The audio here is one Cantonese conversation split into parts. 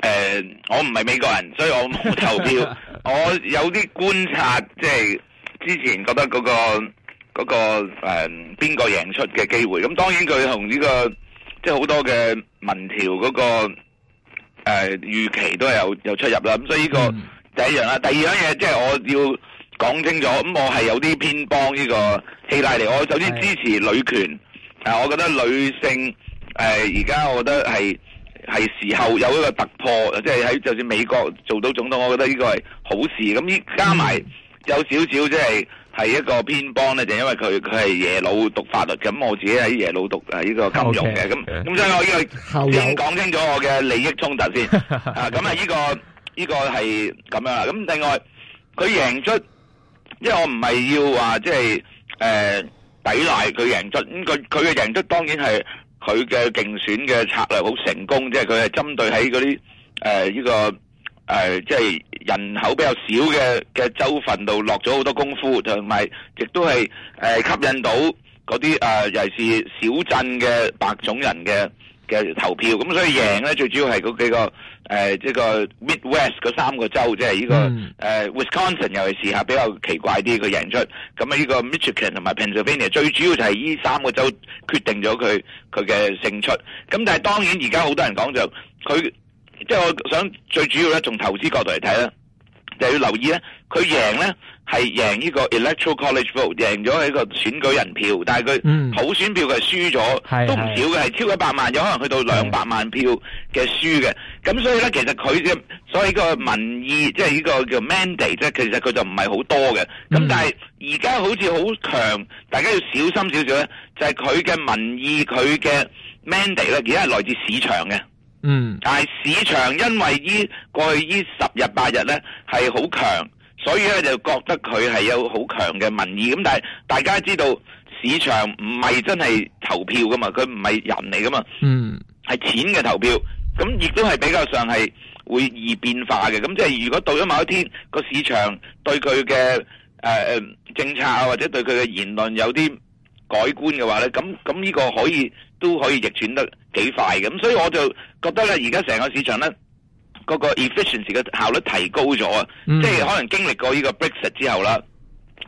誒、uh，我唔係美國人，所以我冇投票。 我有啲觀察，即、就、係、是、之前覺得嗰、那個嗰、那個誒邊個贏出嘅機會。咁當然佢同呢個即係好多嘅民調嗰、那個誒預、呃、期都有有出入啦。咁所以呢個第一樣啦。嗯、第二樣嘢即係我要講清楚。咁、嗯、我係有啲偏幫呢個希拉里。我首先支持女權。誒、呃，我覺得女性誒而家我覺得係。係時候有一個突破，即係喺就算美國做到總統，我覺得呢個係好事。咁加埋有少少即係係一個偏幫咧，就是、因為佢佢係耶魯讀法律，咁我自己喺耶魯讀啊呢個金融嘅，咁、okay, 咁、okay. 所以我呢個先講清楚我嘅利益衝突先。 啊，咁啊、這個，依、這個依個係咁樣啦。咁另外佢贏出，即係我唔係要話即係誒抵賴佢贏出，咁佢佢嘅贏出當然係。佢嘅競選嘅策略好成功，即係佢係針對喺嗰啲誒呢個誒，即係人口比較少嘅嘅州份度落咗好多功夫，同埋亦都係誒吸引到嗰啲誒，尤其是小鎮嘅白種人嘅投票，咁所以贏咧，最主要係嗰幾個即呢、呃這個 Midwest 嗰三個州，即係呢、這個、嗯呃、Wisconsin 又係試下比較奇怪啲，佢贏出，咁啊呢個 Michigan 同埋 Pennsylvania，最主要就係呢三個州決定咗佢佢嘅勝出。咁但係當然而家好多人講就佢，即係我想最主要咧，從投資角度嚟睇啦就係、要留意咧，佢贏咧。係贏呢個 electoral college 票，贏咗係一個選舉人票，但係佢普選票佢係輸咗，都唔少嘅，係超過一百萬，有可能去到兩百萬票嘅輸嘅。咁所以咧，其實佢嘅所以個民意，即係呢個叫 mandate，即係其實佢就唔係好多嘅。咁但係而家好似好強，大家要小心少少咧，就係佢嘅民意，佢嘅 mandate 咧，而家係來自市場嘅。嗯，但係市場因為呢過去十天天呢十日八日咧，係好強。所以咧就覺得佢係有好強嘅民意咁，但係大家知道市場唔係真係投票㗎嘛，佢唔係人嚟㗎嘛，嗯，係錢嘅投票，咁亦都係比較上係會易變化嘅。咁即係如果到咗某一天個市場對佢嘅、呃、政策啊，或者對佢嘅言論有啲改觀嘅話咧，咁咁呢個可以都可以逆轉得幾快嘅。咁所以我就覺得咧，而家成個市場咧。嗰、那個 efficiency 嘅效率提高咗啊、嗯！即係可能經歷過呢個 Brexit 之後啦。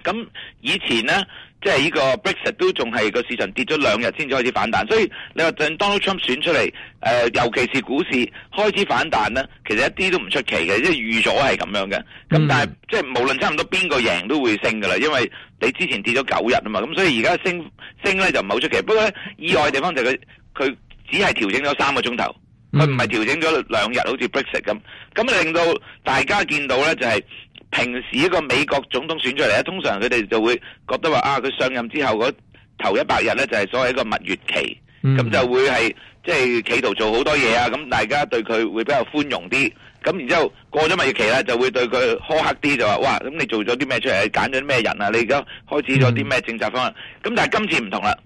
咁以前呢，即係呢個 Brexit 都仲係個市場跌咗兩日先至開始反彈。所以你話當 Donald Trump 選出嚟，誒、呃、尤其是股市開始反彈呢，其實一啲都唔出奇嘅，即係預咗係咁樣嘅。咁、嗯、但係即係無論差唔多邊個贏都會升噶啦，因為你之前跌咗九日啊嘛。咁所以而家升升呢就唔係好出奇。不過呢，意外嘅地方就係佢佢只係調整咗三個鐘頭。佢唔係調整咗兩日，好似 Brexit 咁，咁令到大家見到呢就係平時一個美國總統選出嚟咧，通常佢哋就會覺得話啊，佢上任之後嗰頭一百日呢，就係所謂一個蜜月期，咁就會係即係企圖做好多嘢啊！咁大家對佢會比較寬容啲，咁然之後過咗蜜月期呢，就會對佢苛刻啲，就話哇，咁你做咗啲咩出嚟？你揀咗啲咩人啊？你而家開始咗啲咩政策方案？咁但係今次唔同啦，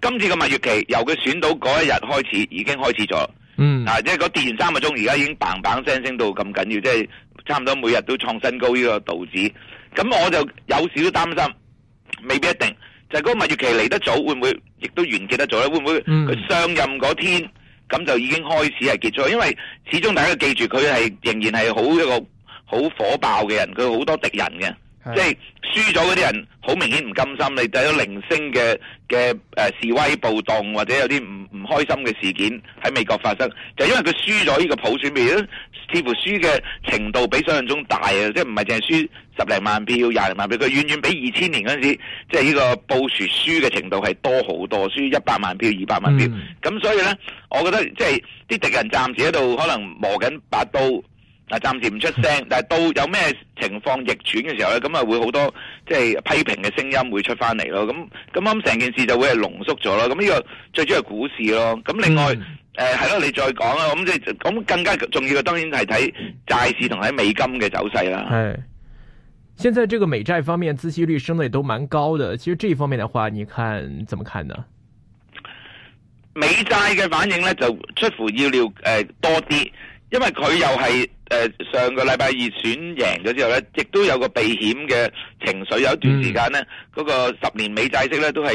今次嘅蜜月期由佢選到嗰一日開始已經開始咗。嗯，啊，即係個跌完三個鐘，而家已經砰砰聲升到咁緊要，即係差唔多每日都創新高呢個道指。咁我就有少少擔心，未必一定就係、是、嗰個蜜月期嚟得早，會唔會亦都完結得早咧？會唔會佢上任嗰天咁就已經開始係結束？因為始終大家記住佢係仍然係好一個好火爆嘅人，佢好多敵人嘅。即係輸咗嗰啲人，好明顯唔甘心。你就咗零星嘅嘅誒示威、暴動，或者有啲唔唔開心嘅事件喺美國發生，就因為佢輸咗呢個普選票，似乎輸嘅程度比想象中大啊！即係唔係淨係輸十零萬票、廿零萬票，佢遠遠比二千年嗰陣時，即係呢個布殊輸嘅程度係多好多，輸一百萬票、二百萬票。咁、就是嗯、所以咧，我覺得即係啲敵人暫時喺度，可能磨緊把刀。嗱，暫時唔出聲，但係到有咩情況逆轉嘅時候咧，咁啊會好多即係批評嘅聲音會出翻嚟咯。咁咁啱成件事就會係濃縮咗咯。咁呢個最主要係股市咯。咁另外誒係咯，你再講啦。咁即係咁更加重要嘅，當然係睇債市同喺美金嘅走勢啦。誒、嗯，現在這個美債方面孳息率升得都蠻高的，其實這方面的話，你看怎麼看呢？美債嘅反應咧就出乎意料誒、呃、多啲。因為佢又係誒上個禮拜二選贏咗之後咧，亦都有個避險嘅情緒，有一段時間咧，嗰、嗯那個十年美債息咧都係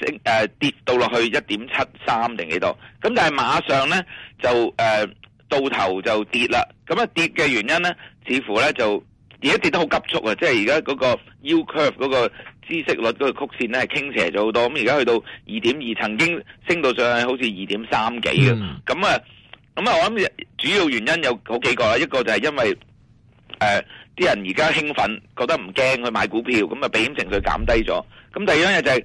升誒、呃、跌到落去一點七三定幾多，咁但係馬上咧就誒、呃、到頭就跌啦。咁、嗯、啊跌嘅原因咧，似乎咧就而家跌，跌得好急促啊！即係而家嗰個 U curve 嗰個孳息率嗰個曲線咧係傾斜咗好多。咁而家去到二點二，曾經升到上去好似二點三幾嘅，咁、嗯、啊。嗯嗯咁啊，我諗主要原因有好幾個啦，一個就係因為誒、呃、啲人而家興奮，覺得唔驚去買股票，咁啊避險情緒減低咗。咁第二樣嘢就係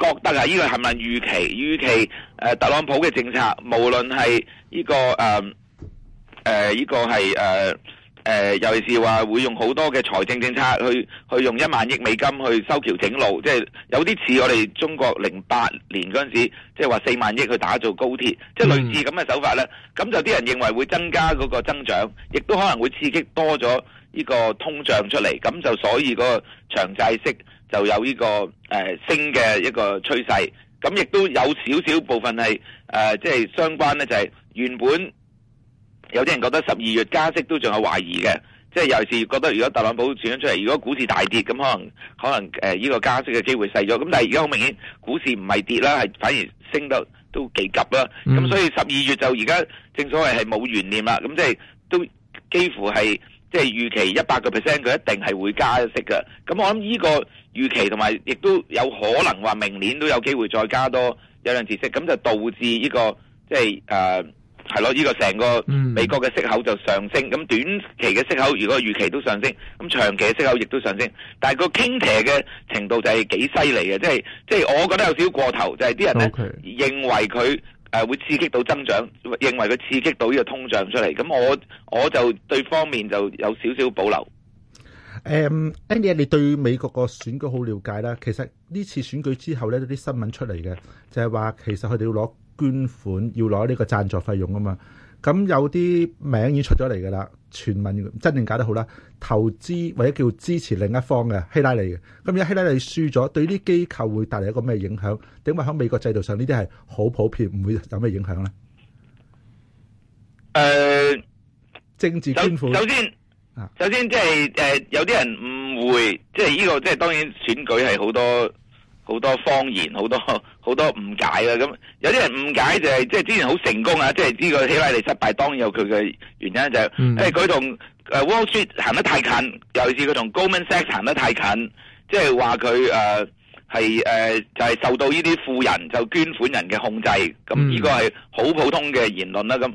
覺得啊，呢個係咪預期，預期誒特朗普嘅政策，無論係呢個誒、呃、誒、呃呢個係誒、呃。誒，尤其是話會用好多嘅財政政策去去用一萬億美金去修橋整路，即係有啲似我哋中國零八年嗰陣時，即係話四萬億去打造高鐵，即係類似咁嘅手法咧。咁、嗯、就啲人認為會增加嗰個增長，亦都可能會刺激多咗呢個通脹出嚟。咁就所以嗰個長債息就有呢個誒升嘅一個趨勢。咁亦都有少少部分係誒即係相關咧，就係原本。有啲人覺得十二月加息都仲有懷疑嘅，即係尤其是覺得如果特朗普轉咗出嚟，如果股市大跌，咁可能可能誒呢個加息嘅機會細咗。咁但係而家好明顯，股市唔係跌啦，係反而升得都幾急啦。咁所以十二月就而家正所謂係冇懸念啦。咁即係都幾乎係即係預期一百個 percent 佢一定係會加息㗎。咁我諗呢個預期同埋亦都有可能話明年都有機會再加多一兩次息，咁就導致呢個即係誒。就是呃係咯，呢、這個成個美國嘅息口就上升，咁、嗯、短期嘅息口如果預期都上升，咁長期嘅息口亦都上升，但係個傾斜嘅程度就係幾犀利嘅，即係即係我覺得有少少過頭，就係、是、啲人咧、okay. 認為佢誒、呃、會刺激到增長，認為佢刺激到呢個通脹出嚟，咁我我就對方面就有少少保留。誒 Annie 你對美國個選舉好了解啦，其實呢次選舉之後咧，啲新聞出嚟嘅就係話，其實佢哋要攞。捐款要攞呢個贊助費用啊嘛，咁有啲名已經出咗嚟噶啦，全民真正搞得好啦，投資或者叫支持另一方嘅希拉里嘅，咁而家希拉里輸咗，對啲機構會帶嚟一個咩影響？點解喺美國制度上呢啲係好普遍，唔會有咩影響咧？誒、呃，政治捐款，首先，啊、首先即係誒，有啲人誤會，即係呢個，即係當然選舉係好多。好多謠言，好多好多誤解啦。咁有啲人誤解就係、是、即係之前好成功啊，即係呢個希拉里失敗，當然有佢嘅原因、就是，就係佢同 Wall Street 行得太近，尤其是佢同 Goldman Sachs 行得太近，即係話佢誒係誒就係、是、受到呢啲富人就捐款人嘅控制。咁呢個係好普通嘅言論啦。咁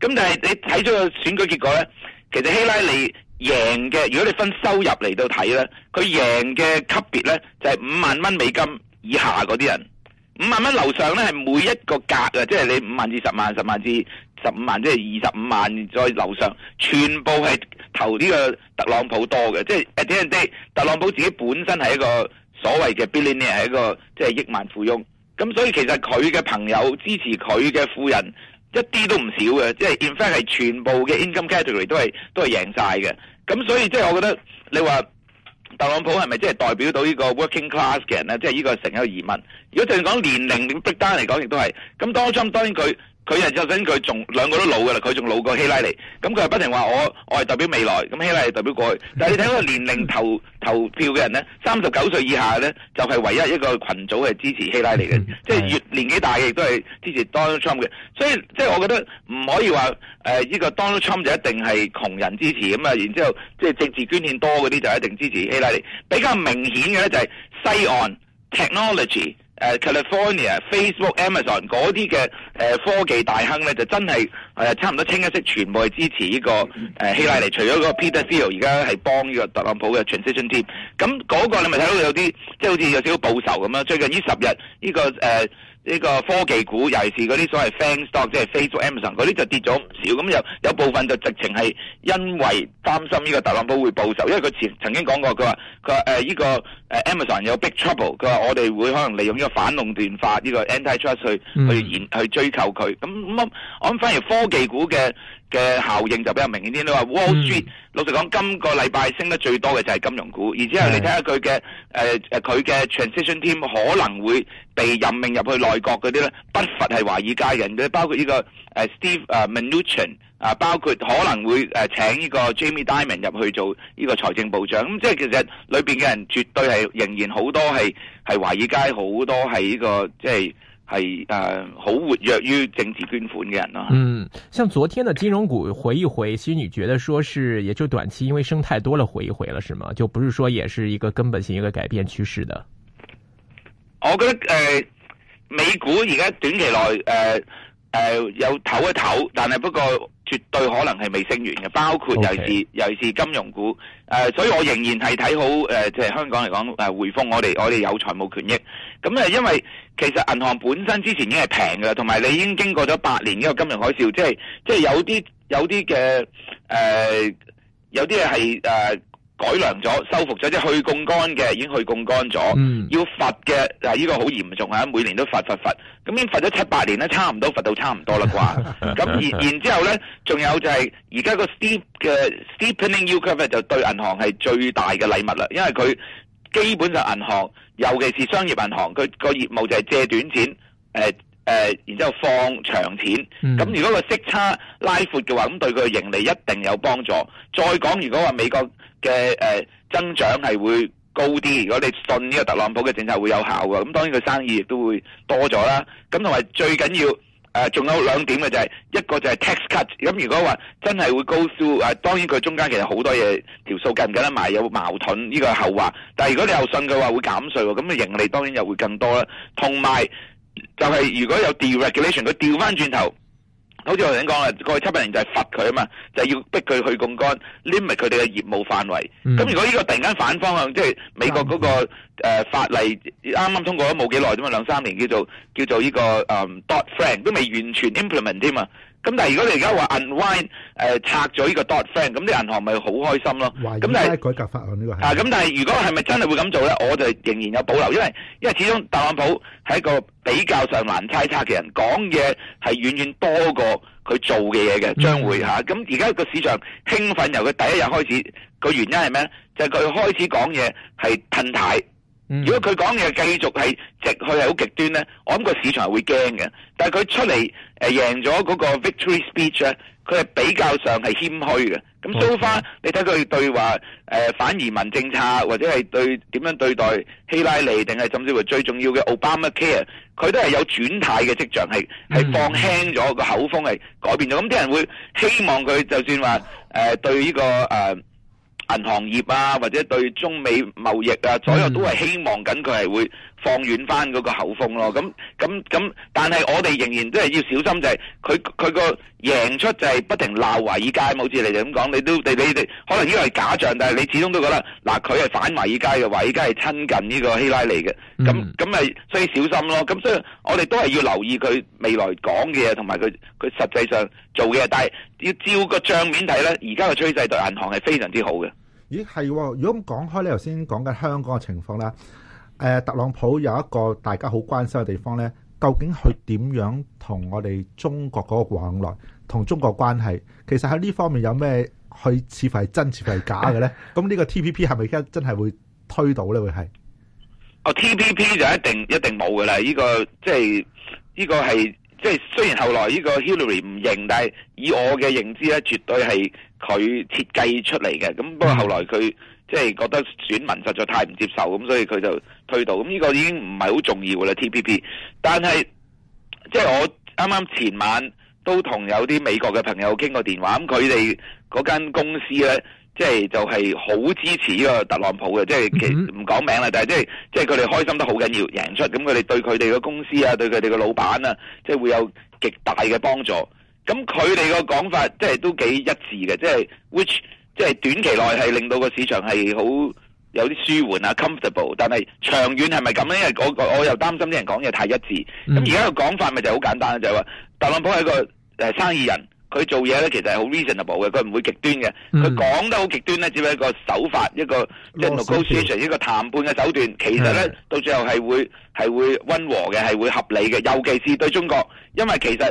咁但係你睇咗個選舉結果咧，其實希拉里贏嘅，如果你分收入嚟到睇咧，佢贏嘅級別咧就係五萬蚊美金以下嗰啲人，五萬蚊樓上咧係每一個格啊，即係你五萬至十萬、十萬至十五萬，即係二十五萬再樓上，全部係投呢個特朗普多嘅，即係，d 特朗普自己本身係一個所謂嘅 billionaire，係一個即係億萬富翁，咁所以其實佢嘅朋友支持佢嘅富人一啲都唔少嘅，即係 in fact 係全部嘅 income category 都係都係贏晒嘅。咁所以即係我覺得，你話特朗普係咪即係代表到呢個 working class 嘅人咧？即係呢個成一個疑問。如果就算講年齡，點 breakdown 嚟講亦都係。咁當中當然佢。佢人就跟佢仲兩個都老噶啦，佢仲老過希拉里。咁佢係不停話我，我係代表未來，咁希拉里代表過去。但係你睇嗰個年齡投投票嘅人咧，三十九歲以下咧就係、是、唯一一個群組係支持希拉里嘅，即係越年紀大嘅亦都係支持 Donald Trump 嘅。所以即係、就是、我覺得唔可以話誒呢個 Donald Trump 就一定係窮人支持咁啊。然之後即係、就是、政治捐獻多嗰啲就一定支持希拉里。比較明顯嘅咧就係西岸 technology。誒、uh, California Facebook、Facebook、Amazon 嗰啲嘅科技大亨咧，就真係、uh, 差唔多清一色全部係支持呢、這個、uh, 希拉里，除咗個 Peter Thiel 而家係幫呢個特朗普嘅 Transition Team，咁嗰、那個你咪睇到有啲即係好似有少少報仇咁樣，最近呢十日呢、這個誒。Uh, 呢、這個科技股尤其是嗰啲所謂 fan stock，即係 Facebook、Amazon 嗰啲就跌咗唔少，咁有有部分就直情係因為擔心呢個特朗普會報仇，因為佢前曾經講過，佢話佢話呢個、呃、Amazon 有 big trouble，佢話我哋會可能利用呢個反壟斷法呢個 anti trust 去、嗯、去去追求佢，咁咁我諗反而科技股嘅。嘅效應就比較明顯啲，你話 Wall Street，嗯、老實講，今個禮拜升得最多嘅就係金融股，而之後你睇下佢嘅誒佢嘅 transition team 可能會被任命入去內閣嗰啲咧，不乏係華爾街人嘅，包括呢個 Steve Mnuchin 啊，包括可能會誒請呢個 Jamie Dimon 入去做呢個財政部長，咁、嗯、即係其實裏面嘅人絕對係仍然好多係係華爾街，好多係呢、呢個即係。係誒，好、呃、活躍於政治捐款嘅人啊。嗯，像昨天嘅金融股回一回，其實你覺得說是也就短期，因為升太多了回一回了，是嗎？就不是說也是一個根本性一個改變趨勢的。我覺得、呃，美股而家短期內誒誒有唞一唞，但係不過。絕對可能係未升完嘅，包括尤其是、okay. 尤其是金融股。誒，所以我仍然係睇好誒，即係香港嚟講誒，匯豐我哋我哋有財務權益。咁誒，因為其實銀行本身之前已經係平嘅啦，同埋你已經經過咗八年呢個金融海嘯，即係即係有啲有啲嘅誒，有啲嘢係誒。呃改良咗、修復咗，即係去槓桿嘅已經去槓桿咗。要罰嘅嗱，依、這個好嚴重嚇，每年都罰罰罰。咁已經罰咗七八年咧，差唔多罰到差唔多啦啩。咁 然然之後呢，仲有就係而家個 steep 嘅 steepening yield curve 就對銀行係最大嘅禮物啦，因為佢基本上銀行，尤其是商業銀行，佢個業務就係借短錢，誒、呃、誒、呃，然之後放長錢。咁、嗯、如果個息差拉闊嘅話，咁對佢嘅盈利一定有幫助。再講，如果話美國。嘅誒增長係會高啲，如果你信呢個特朗普嘅政策會有效嘅，咁當然佢生意亦都會多咗啦。咁同埋最緊要誒，仲有兩點嘅就係一個就係 tax cut。咁如果話真係會高數誒，當然佢中間其實好多嘢條數計唔計得埋有矛盾，呢個係後話。但係如果你又信佢話會減稅喎，咁嘅盈利當然又會更多啦。同埋就係如果有 deregulation，佢調翻轉頭。好似我頭先講講啦，過去七八年就係罰佢啊嘛，就係、是、要逼佢去槓桿，limit 佢哋嘅業務範圍。咁、mm. 如果呢個突然間反方向，即、就、係、是、美國嗰、那個、mm. 呃、法例啱啱通過咗冇幾耐啫嘛，兩三年叫做叫做呢、這個誒、um, Dodd-Frank 都未完全 implement 添啊！咁但係如果你而家話 unwind，呃、拆咗呢個 Dodd-Frank，咁啲銀行咪好開心咯。咁但係改革法案呢個、啊、但係如果係咪真係會咁做咧？我就仍然有保留，因為因為始終特朗普係一個比較上難猜測嘅人，講嘢係遠遠多過佢做嘅嘢嘅將會嚇。咁而家個市場興奮由佢第一日開始，個原因係咩咧？就係、是、佢開始講嘢係褪軚。如果佢講嘢繼續係直去係好極端咧，我諗個市場係會驚嘅。但佢出嚟贏咗嗰個 victory speech 咧，佢係比較上係謙虛嘅。咁 so far 你睇佢對話、呃、反移民政策或者係對點樣對待希拉里定係甚至乎最重要嘅 Obamacare，佢都係有轉態嘅跡象，係放輕咗、個口風，係改變咗。咁啲人會希望佢就算話、呃、對呢、這個、呃銀行業啊，或者對中美貿易啊，左右都係希望緊佢係會。放軟翻嗰個口風咯，咁咁咁，但係我哋仍然都係要小心就，就係佢佢個贏出就係不停鬧華爾街，好似你哋咁講，你都對你哋可能呢個係假象，但係你始終都覺得嗱，佢係反華爾街嘅，華爾街係親近呢個希拉里嘅，咁咁咪所以小心咯。咁所以我哋都係要留意佢未來講嘅嘢，同埋佢佢實際上做嘅嘢。但係要照個帳面睇咧，而家嘅趨勢對銀行係非常之好嘅。咦，係、哦、如果咁講開，你頭先講緊香港嘅情況喇。誒、呃，特朗普有一個大家好關心嘅地方呢，究竟佢點樣同我哋中國嗰個往來、同中國關係？其實喺呢方面有咩佢似乎係真，似乎係假嘅呢？咁 呢個 T P P 係咪而家真係會推倒呢？會係？哦、oh，T P P 就一定一定冇噶啦！呢、這個即係呢個係即係雖然後來呢個 Hillary 唔認，但係以我嘅認知呢，絕對係佢設計出嚟嘅。咁不過後來佢。Mm -hmm. 即係覺得選民實在太唔接受咁，所以佢就推倒。咁呢個已經唔係好重要啦。TPP，但係即係我啱啱前晚都同有啲美國嘅朋友傾過電話，咁佢哋嗰間公司咧，即係就係好支持呢個特朗普嘅，即係其實唔講名啦。但係即係即係佢哋開心得好緊要，贏出咁，佢哋對佢哋嘅公司啊，對佢哋嘅老闆啊，即係會有極大嘅幫助。咁佢哋嘅講法即係都幾一致嘅，即係 which。即、就、係、是、短期內係令到個市場係好有啲舒緩啊，comfortable。但係長遠係咪咁咧？我我我又擔心啲人講嘢太一致。咁而家個講法咪就好簡單就係、是、話特朗普係一個生意人，佢做嘢咧其實係好 reasonable 嘅，佢唔會極端嘅。佢、嗯、講得好極端咧，只係一個手法，一個 negotiation，一個談判嘅手段。嗯、其實咧到最後係會係會温和嘅，係會合理嘅，尤其是對中國，因為其實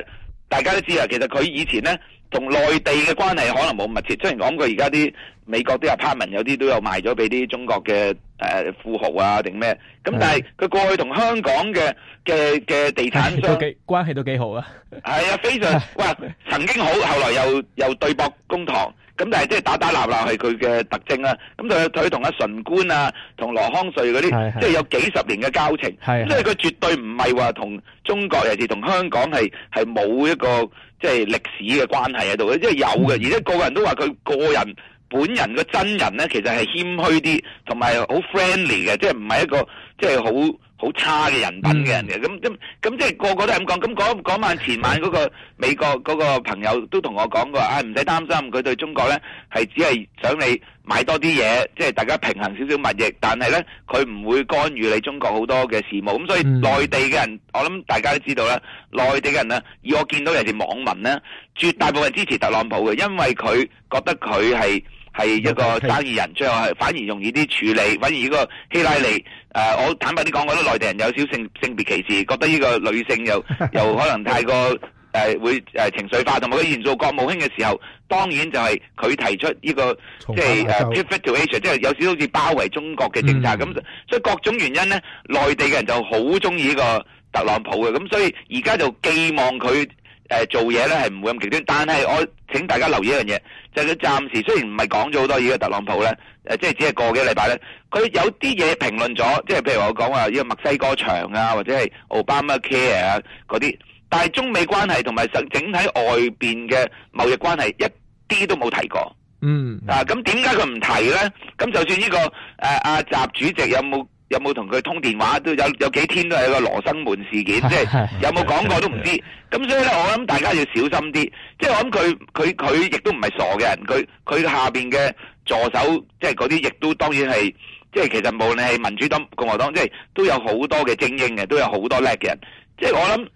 大家都知啊，其實佢以前咧。同內地嘅關係可能冇咁密切，雖然講佢而家啲。美國都有 apartment，有啲都有賣咗俾啲中國嘅誒富豪啊，定咩？咁但係佢過去同香港嘅嘅嘅地產商關係都幾好啊。係啊，非常哇！曾經好，後來又又對簿公堂，咁但係即係打打鬧鬧係佢嘅特徵啦。咁佢佢同阿純官啊、同羅康瑞嗰啲，即係有幾十年嘅交情。咁所以佢絕對唔係話同中國尤其是同香港係係冇一個即係歷史嘅關係喺度，即係有嘅。而且個個人都話佢個人。本人個真人咧，其實係謙虛啲，同埋好 friendly 嘅，即係唔係一個即係好好差嘅人品嘅人嚟嘅。咁咁咁即係個個都係咁講。咁嗰晚前晚嗰個美國嗰個朋友都同我講過，啊，唔使擔心，佢對中國咧係只係想你買多啲嘢，即係大家平衡少少物業。但係咧，佢唔會干預你中國好多嘅事務。咁所以內地嘅人，我諗大家都知道啦。內地嘅人呢，以我見到人哋網民咧，絕大部分支持特朗普嘅，因為佢覺得佢係。係一個生意人，最後係反而容易啲處理。反而呢個希拉里，誒、嗯呃，我坦白啲講，覺得內地人有少少性性別歧視，覺得呢個女性又 又可能太過誒、呃、會誒、呃、情緒化，同埋佢以前做國務卿嘅時候，當然就係佢提出呢、這個即係誒 pivot to Asia 即係有少少好似包圍中國嘅政策咁、嗯。所以各種原因咧，內地嘅人就好中意呢個特朗普嘅，咁所以而家就寄望佢。誒做嘢咧係唔會咁極端，但係我請大家留意一樣嘢，就係、是、佢暫時雖然唔係講咗好多嘢，特朗普咧誒，即係只係過幾個禮拜咧，佢有啲嘢評論咗，即係譬如我講話呢個墨西哥牆啊，或者係奧巴馬 Care 啊嗰啲，但係中美關係同埋整整體外邊嘅貿易關係一啲都冇提過。嗯，啊咁點解佢唔提咧？咁就算呢、這個誒阿、啊、習主席有冇？有冇同佢通電話？都有有幾天都有個羅生門事件，即 係有冇講過都唔知。咁所以咧，我諗大家要小心啲。即係我諗佢佢佢亦都唔係傻嘅人。佢佢下邊嘅助手，即係嗰啲亦都當然係，即係其實無論係民主黨、共和黨，即係都有好多嘅精英嘅，都有好多叻嘅人。即係我諗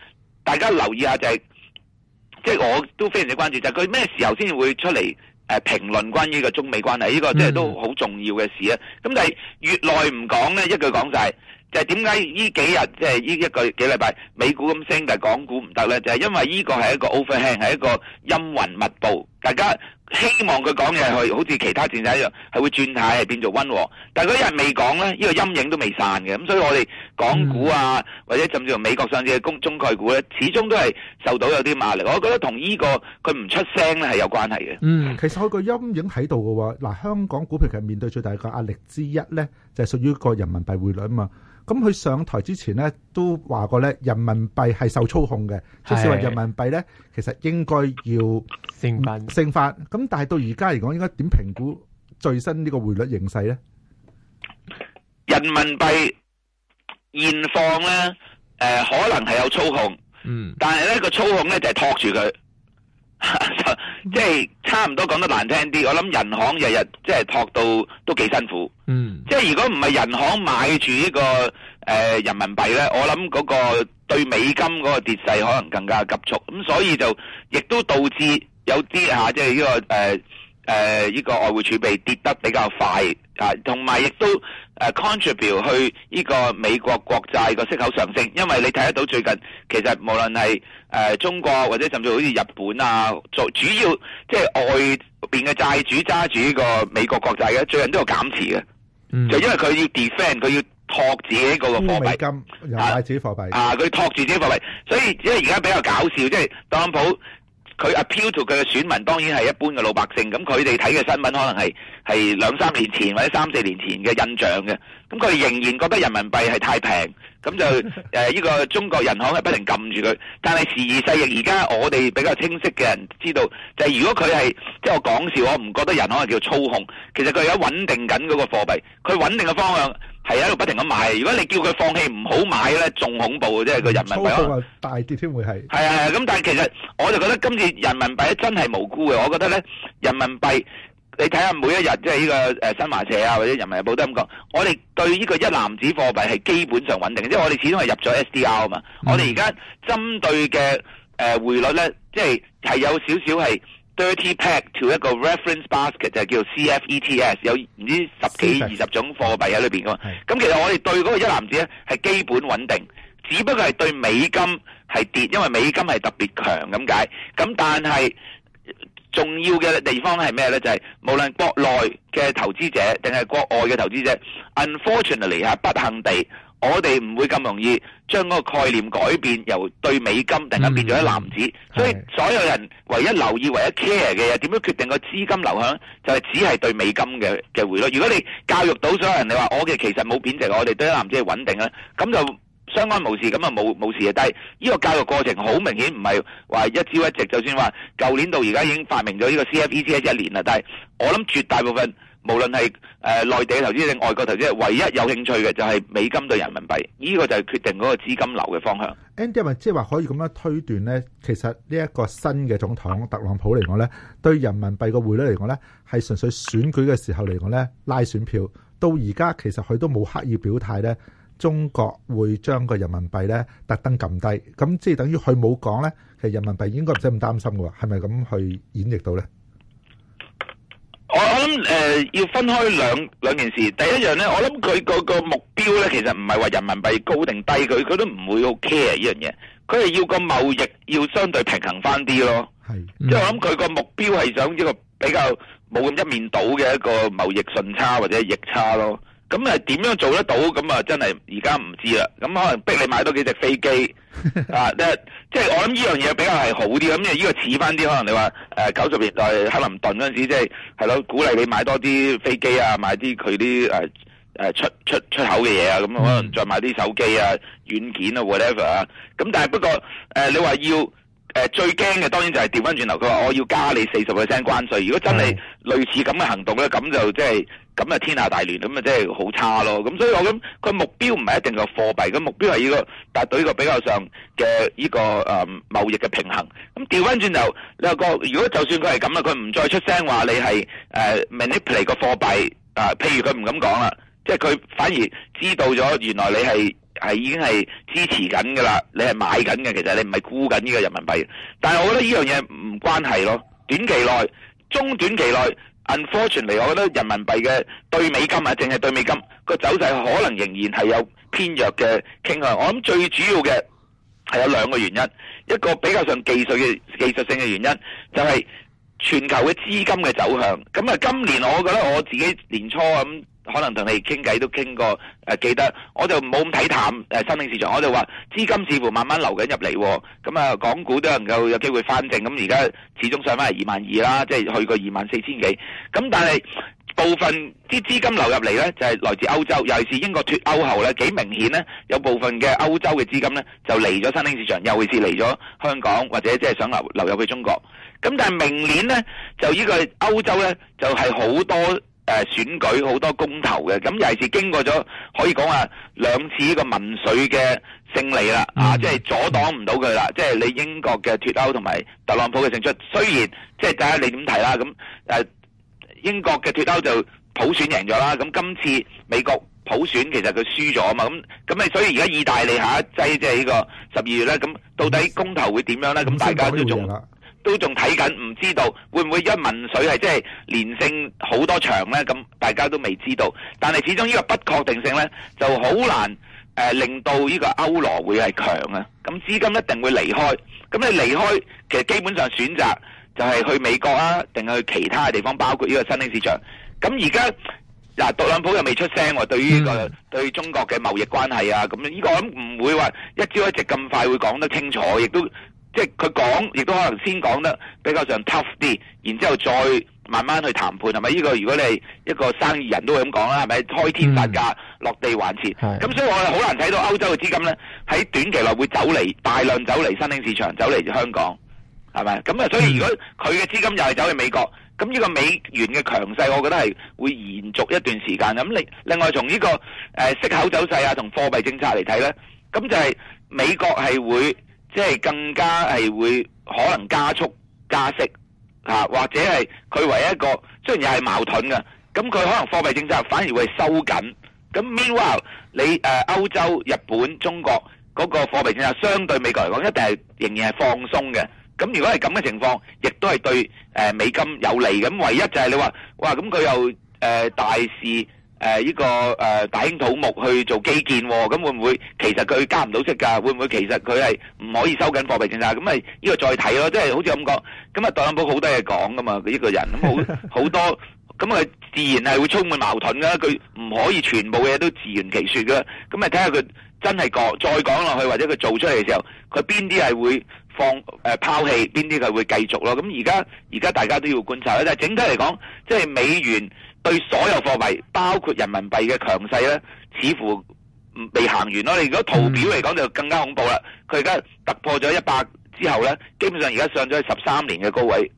大家留意下就係，即係我都非常之關注，就係佢咩時候先會出嚟。誒，評論關於呢個中美關係，呢個即係都好重要嘅事啊！咁但係越耐唔講咧，一句講晒就係點解呢幾日即係呢一個幾禮拜美股咁升，但係港股唔得咧？就係因為呢個係一個 overhang，係一個陰雲密布。大家希望佢講嘢去，好似其他戰勢一樣，係會轉態，係變做温和。但係佢一日未講咧，呢個陰影都未散嘅。咁所以我哋港股啊，或者甚至乎美國上市嘅公中概股咧，始終都係受到有啲壓力。我覺得同呢個佢唔出聲咧係有關係嘅。嗯，其實佢個陰影喺度嘅話。嗱，香港股票其實面對最大嘅壓力之一咧，就係屬於個人民幣匯率啊嘛。咁佢上台之前咧。都話過咧，人民幣係受操控嘅，即係話人民幣咧，其實應該要升發升發。咁但係到而家嚟講，應該點評估最新呢個匯率形勢咧？人民幣現況咧，誒、呃、可能係有操控，嗯，但係咧個操控咧就係、是、托住佢，即 係差唔多講得難聽啲。我諗人行日日即係托到都幾辛苦，嗯，即、就、係、是、如果唔係人行買住呢、這個。誒、呃、人民幣咧，我諗嗰個對美金嗰個跌勢可能更加急速，咁、嗯、所以就亦都導致有啲吓即係呢個誒誒呢個外匯儲備跌得比較快，啊，同埋亦都誒 contribute 去呢個美國國債個息口上升，因為你睇得到最近其實無論係誒中國或者甚至好似日本啊，做主要即係外邊嘅債主揸住呢個美國國債嘅，最近都有減持嘅、嗯，就因為佢要 defend 佢要。託自己嗰個貨幣，金，金又買自己貨幣。啊，佢託住自己貨幣，所以即係而家比較搞笑，即係特朗普佢 appeal to 佢嘅選民，當然係一般嘅老百姓。咁佢哋睇嘅新聞可能係係兩三年前或者三四年前嘅印象嘅。咁佢哋仍然覺得人民幣係太平，咁就誒呢個中國人行係不停撳住佢。但係時移世易，而家我哋比較清晰嘅人知道，就係如果佢係即係我講笑，我唔覺得人行係叫操控。其實佢而家穩定緊嗰個貨幣，佢穩定嘅方向。係喺度不停咁買，如果你叫佢放棄唔好買咧，仲恐怖嘅，即係個人民幣大跌先會係。係啊，咁但係其實我就覺得今次人民幣真係無辜嘅，我覺得咧，人民幣你睇下每一日即係呢個誒新華社啊或者人民日報都咁講，我哋對呢個一籃子貨幣係基本上穩定，即係我哋始終係入咗 SDR 啊嘛，嗯、我哋而家針對嘅誒匯率咧，即係係有少少係。Dirty Pack to 一個 Reference Basket 就係叫 CFETS，有唔知十幾二十種貨幣喺裏面噶嘛。咁其實我哋對嗰個一籃子咧係基本穩定，只不過係對美金係跌，因為美金係特別強咁解。咁但係重要嘅地方係咩咧？就係、是、無論國內嘅投資者定係國外嘅投資者，Unfortunately 啊不幸地。我哋唔會咁容易將個個概念改變，由對美金突然間變咗一籃子。所以所有人唯一留意、嗯、唯一 care 嘅嘢，點樣決定個資金流向，就係、是、只係對美金嘅嘅匯率。如果你教育到所有人，你話我嘅其實冇貶值，我哋對一籃子係穩定嘅，咁就相安無事，咁啊冇冇事嘅。但係呢個教育過程好明顯唔係話一朝一夕，就算話舊年到而家已經發明咗呢個 CFETS 一年啦，但係我諗絕大部分。無論係誒內地投資定外國投資，唯一有興趣嘅就係美金對人民幣，呢個就係決定嗰個資金流嘅方向。Andy，咪即係話可以咁樣推斷咧，其實呢一個新嘅總統特朗普嚟講咧，對人民幣嘅匯率嚟講咧，係純粹選舉嘅時候嚟講咧拉選票。到而家其實佢都冇刻意表態咧，中國會將個人民幣咧特登撳低，咁即係等於佢冇講咧，其實人民幣應該唔使咁擔心嘅喎，係咪咁去演繹到咧？我諗誒、呃，要分開兩兩件事。第一樣呢，我諗佢嗰個目標呢，其實唔係話人民幣高定低，佢佢都唔會好 care 呢樣嘢。佢係要個貿易要相對平衡翻啲咯。即係、嗯、我諗佢個目標係想一個比較冇咁一面倒嘅一個貿易順差或者逆差咯。咁誒點樣做得到？咁啊真係而家唔知啦。咁可能逼你買多幾隻飛機 啊！即係即係我諗呢樣嘢比較係好啲。咁誒呢個似翻啲，可能你話誒九十年代克林頓嗰陣時，即係係咯鼓勵你買多啲飛機啊，買啲佢啲誒誒出出出口嘅嘢啊。咁可能再買啲手機啊、軟件啊，whatever 啊。咁但係不過誒、呃，你話要。誒，最驚嘅當然就係調翻轉頭，佢話我要加你四十個 percent 關稅。如果真係類似咁嘅行動咧，咁就即係咁啊天下大亂，咁啊即係好差咯。咁所以我諗佢目標唔係一定個貨幣，咁目標係要個達到呢個比較上嘅呢個貿易嘅平衡。咁調翻轉頭，你話個，如果就算佢係咁啦，佢唔再出聲話你係誒 manipulate 個貨幣啊，譬如佢唔敢講啦，即係佢反而知道咗原來你係。係已經係支持緊噶啦，你係買緊嘅，其實你唔係估緊呢個人民幣。但係我覺得呢樣嘢唔關係咯，短期內、中短期內，unfortunately，我覺得人民幣嘅對美金啊，淨係對美金個走勢可能仍然係有偏弱嘅傾向。我諗最主要嘅係有兩個原因，一個比較上技術嘅技術性嘅原因，就係、是。全球嘅資金嘅走向，咁啊，今年我覺得我自己年初咁可能同你傾偈都傾過，啊，記得我就冇咁睇淡新興、啊、市場，我就話資金似乎慢慢流緊入嚟，咁啊，港股都有能夠有機會翻正。咁而家始終上翻係二萬二啦，即、就、係、係、去過二萬四千幾，咁但係。部分啲資金流入嚟呢，就係來自歐洲，尤其是英國脱歐後呢，幾明顯呢，有部分嘅歐洲嘅資金呢，就嚟咗新興市場，尤其是嚟咗香港或者即係想留流入去中國。咁但係明年呢，就呢個歐洲呢，就係好多選舉、好多公投嘅，咁尤其是經過咗可以講下兩次呢個民粹嘅勝利啦、嗯，啊即係、就是、阻擋唔到佢啦，即、就、係、是、你英國嘅脱歐同埋特朗普嘅勝出，雖然即係大家你點睇啦咁英國嘅脱歐就普選贏咗啦，咁今次美國普選其實佢輸咗啊嘛，咁咁你所以而家意大利下一劑即係呢個十二月咧，咁到底公投會點樣咧？咁大家都仲都仲睇緊，唔知道會唔會一問水係即係連勝好多場咧？咁大家都未知道，但係始終呢個不確定性咧就好難誒令到呢個歐羅會係強啊！咁資金一定會離開，咁你離開其實基本上選擇，就係、是、去美國啊，定係去其他嘅地方，包括呢個新興市場。咁而家嗱，特、啊、朗普又未出聲、啊，對於、這個、嗯、對中國嘅貿易關係啊，咁樣呢個咁唔會話一朝一夕咁快會講得清楚，亦都即係佢講，亦都可能先講得比較上 tough 啲，然之後再慢慢去談判，係咪、這個？呢個如果你係一個生意人都會咁講啦，係咪？開天殺價、嗯，落地還錢。咁所以我又好難睇到歐洲嘅資金咧，喺短期內會走嚟大量走嚟新興市場，走嚟香港。係咪？咁啊，所以如果佢嘅資金又係走去美國，咁呢個美元嘅強勢，我覺得係會延續一段時間。咁另另外，從呢個誒息口走勢啊，同貨幣政策嚟睇咧，咁就係美國係會即係、就是、更加係會可能加速加息啊，或者係佢唯一一個雖然又係矛盾嘅，咁佢可能貨幣政策反而會收緊。咁 meanwhile，你誒歐洲、日本、中國嗰個貨幣政策，相對美國嚟講，一定係仍然係放鬆嘅。咁如果係咁嘅情況，亦都係對誒美金有利咁。唯一就係你話，哇咁佢又誒大肆誒依個誒大興土木去做基建，咁會唔會其實佢加唔到息噶？會唔會其實佢係唔可以收緊貨幣政策？咁咪依個再睇咯。即係好似咁講，咁啊特朗普好多嘢講噶嘛，佢一個人咁好好多，咁啊自然係會充滿矛盾噶。佢唔可以全部嘢都自圓其説噶。咁咪睇下佢真係講再講落去，或者佢做出嚟嘅時候，佢邊啲係會？放誒拋，呃、棄，邊啲佢會繼續咯，咁而家而家大家都要觀察啦。但係整體嚟講，即係美元對所有貨幣包括人民幣嘅強勢咧，似乎未行完咯。你如果圖表嚟講就更加恐怖啦，佢而家突破咗一百之後咧，基本上而家上咗去十三年嘅高位，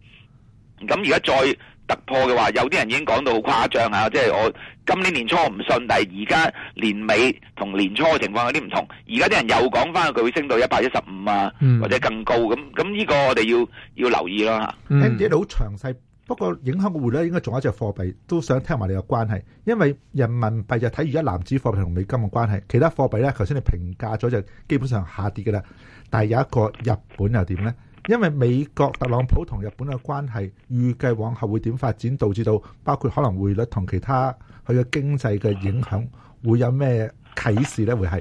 咁而家再突破嘅話，有啲人已經講到好誇張即係、啊即係、我今年年初我唔信，但係而家年尾同年初嘅情況有啲唔同，而家啲人又講翻佢會升到一百一十五啊、嗯，或者更高咁，咁呢個我哋要要留意咯嚇。Eddie 你好詳細，不過影響嘅匯率應該仲有一隻貨幣都想聽埋你嘅關係，因為人民幣就睇而家一籃子貨幣同美金嘅關係，其他貨幣咧，頭先你評價咗就基本上下跌嘅啦，但係有一個日本又點咧？因為美國特朗普同日本嘅關係預計往後會點發展，導致到包括可能匯率同其他佢嘅經濟嘅影響會有咩啟示咧？會係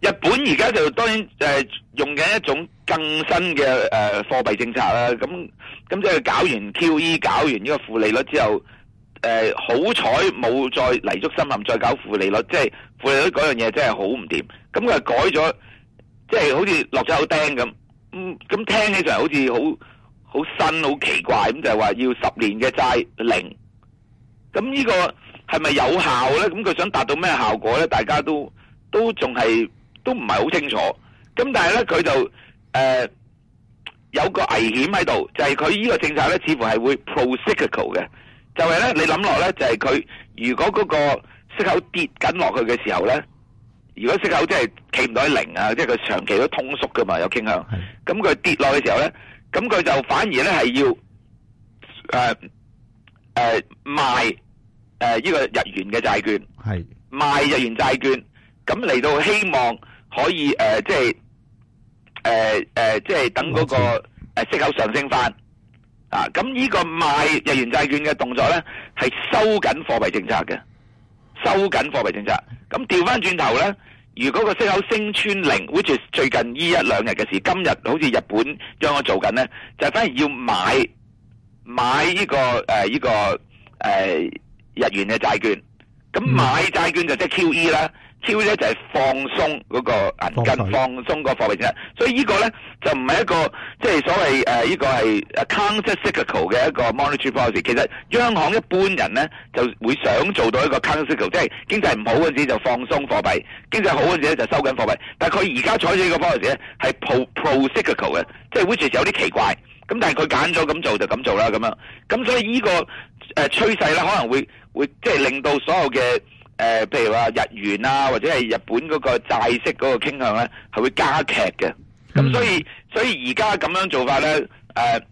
日本而家就當然誒用緊一種更新嘅誒貨幣政策啦。咁咁即係搞完 QE，搞完呢個負利率之後，誒好彩冇再泥足深陷，再搞負利率，即係負利率嗰樣嘢真係好唔掂。咁佢係改咗，即係好似落咗口釘咁。嗯，咁聽起上嚟好似好好新，好奇怪咁就係、是、話要十年嘅債零，咁呢個係咪有效咧？咁佢想達到咩效果咧？大家都都仲係都唔係好清楚。咁但係咧佢就誒、呃、有個危險喺度，就係佢呢個政策咧，似乎係會 pro-cyclical 嘅，就係、是、咧你諗落咧，就係佢如果嗰個息口跌緊落去嘅時候咧。如果息口真係企唔到喺零啊，即係佢長期都通縮㗎嘛，有傾向。咁佢跌落嘅時候咧，咁佢就反而咧係要誒誒賣誒呢個日元嘅債券，賣日元債券，咁嚟到希望可以誒即係誒誒即係等嗰個誒息口上升翻啊！咁呢個賣日元債券嘅動作咧，係收緊貨幣政策嘅。收緊貨幣政策，咁調翻轉頭咧，如果個息口升穿零，好似最近呢一,一兩日嘅事。今日好似日本將我做緊咧，就反、是、而要買買呢、呢個誒呢、呃呢個誒、呃、日元嘅債券，咁買債券就即係 QE 啦。超咧就係、是、放鬆嗰個銀根，放鬆那個貨幣政策，所以這個呢個咧就唔係一個即係、就是、所謂呢、呃、個係、啊、counter cyclical 嘅一個 monetary policy。其實央行一般人咧就會想做到一個 counter cyclical，即係經濟唔好嗰陣時候就放鬆貨幣，經濟好嗰時咧就收緊貨幣。但係佢而家採取呢個 policy 咧係 pro pro cyclical 嘅，即、就、係、是、which is 有啲奇怪。咁但係佢揀咗咁做就咁做啦咁樣。咁所以呢、這個誒、呃、趨勢咧可能會會即係令到所有嘅。誒、呃，譬如話日元啊，或者係日本嗰個債息嗰個傾向咧，係會加劇嘅。咁、嗯、所以，所以而家咁樣做法咧，誒、呃、誒、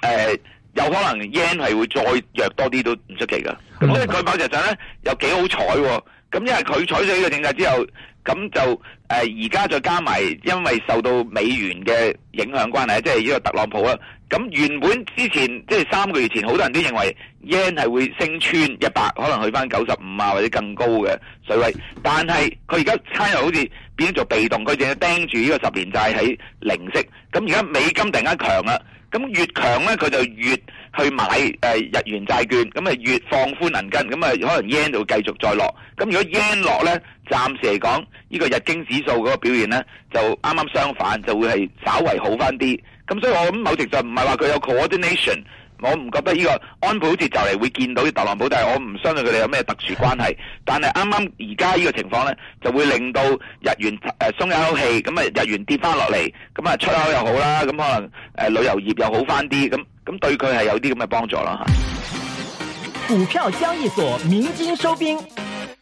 呃，有可能 yen 係會再弱多啲都唔出奇㗎。咁、嗯、所以佢某程度上咧，又幾好彩喎、啊。咁因為佢採取呢個政策之後，咁就誒而家再加埋，因為受到美元嘅影響關係，即係呢個特朗普啦。咁原本之前即係三個月前，好多人都認為 yen 係會升穿一百，可能去翻九十五啊或者更高嘅水位。但係佢而家差又好似變咗做被動，佢淨係盯住呢個十年債喺零息。咁而家美金突然間強啦，咁越強咧佢就越去買誒日元債券，咁啊越放寬銀根，咁啊可能 yen 就會繼續再落。咁如果 yen 落咧？暫時嚟講，呢個日經指數嗰個表現呢，就啱啱相反，就會係稍為好翻啲。咁所以我諗某程度唔係話佢有 coordination，我唔覺得呢個安倍好似就嚟會見到啲特朗普，但係我唔相信佢哋有咩特殊關係。但係啱啱而家呢個情況呢，就會令到日元誒鬆一口氣，咁啊日元跌翻落嚟，咁啊出口又好啦，咁可能誒旅遊業又好翻啲，咁咁對佢係有啲咁嘅幫助啦。股票交易所鳴金收兵。